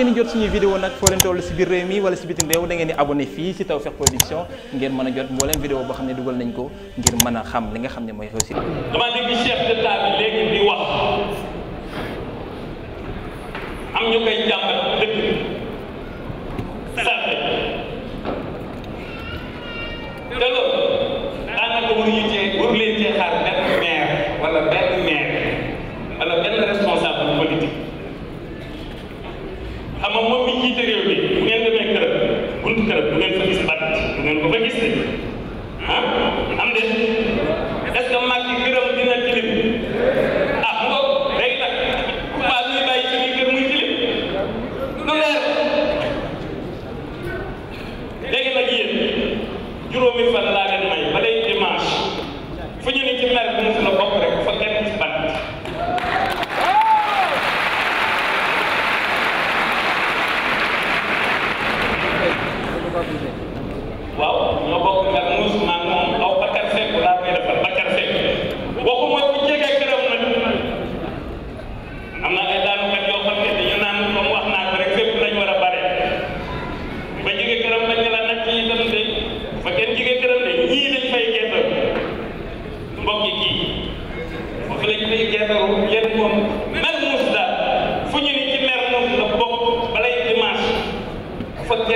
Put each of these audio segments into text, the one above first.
ngeen jot suñu vidéo nag foo leen toll si biir réew mi wala si bitim réew da ngeen di abonné fii si Tawfekh Production ngeen mën a jot mbooleem vidéo boo xam ne dugal nañ ko ngir mën a xam li nga xam ne mooy xew si dama léegi di wax bunt kër bu ngeen ko gis bat bu ngeen ko fa gis ah am de est-ce que mag ci këram dina tilim ah mu ngoog day nag maa ngi bàyyi ci kër muy tilim lu leer léegi nag yéen juróomi fan laa leen may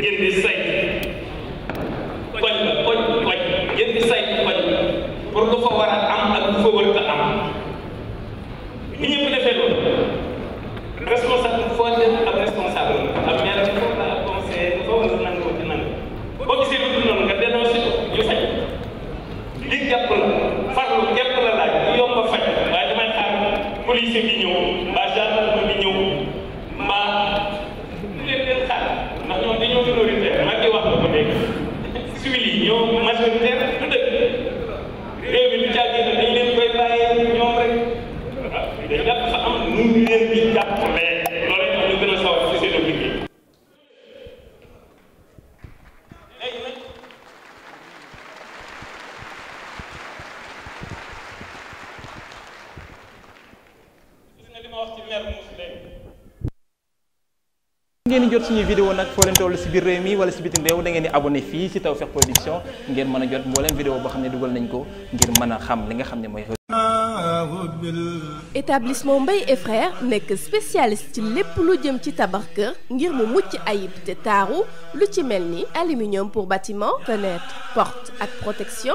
ngeen di saytu koñ la koñ koñ ngeen di saytu koñ pour lu fa war a am ak lu fa war a am bi ñëpp defee loolu responsable foo dem ak responsable am maire ci foofu la ak conseil dafa war a nangoo ci nangu boo gisee lu dul noonu nga dénoncé ko ñu faj li jàpp la farlu jàpp la laaj bu yomb a faj waaye damay xaar police bi ñëw mbaa gendarme bi ñëw mbaa ñoom dañoo minoritaire ak di wax la ko dégg civil yi ñoom majoritaire du dëkk réew mi lu jàggee dañ leen koy bàyyee ñoom rek waaw ah, dañ dafa am nu ñu leen di jàppalee ngeen di jot suñuy vidéo nag foo leen toll si biir réew mi wala si bitim réew da ngeen di abonné fii si Tawfekh Production ngeen mën a jot mbooleem vidéo boo xam ne dugal nañ ko ngir mën a xam li nga xam ne mooy établissement Mbaye et frères nekk spécialiste ci lépp lu jëm ci tabax kër ngir mu mucc ayib te taaru lu ci mel ni aluminium pour bâtiment fenêtre porte ak protection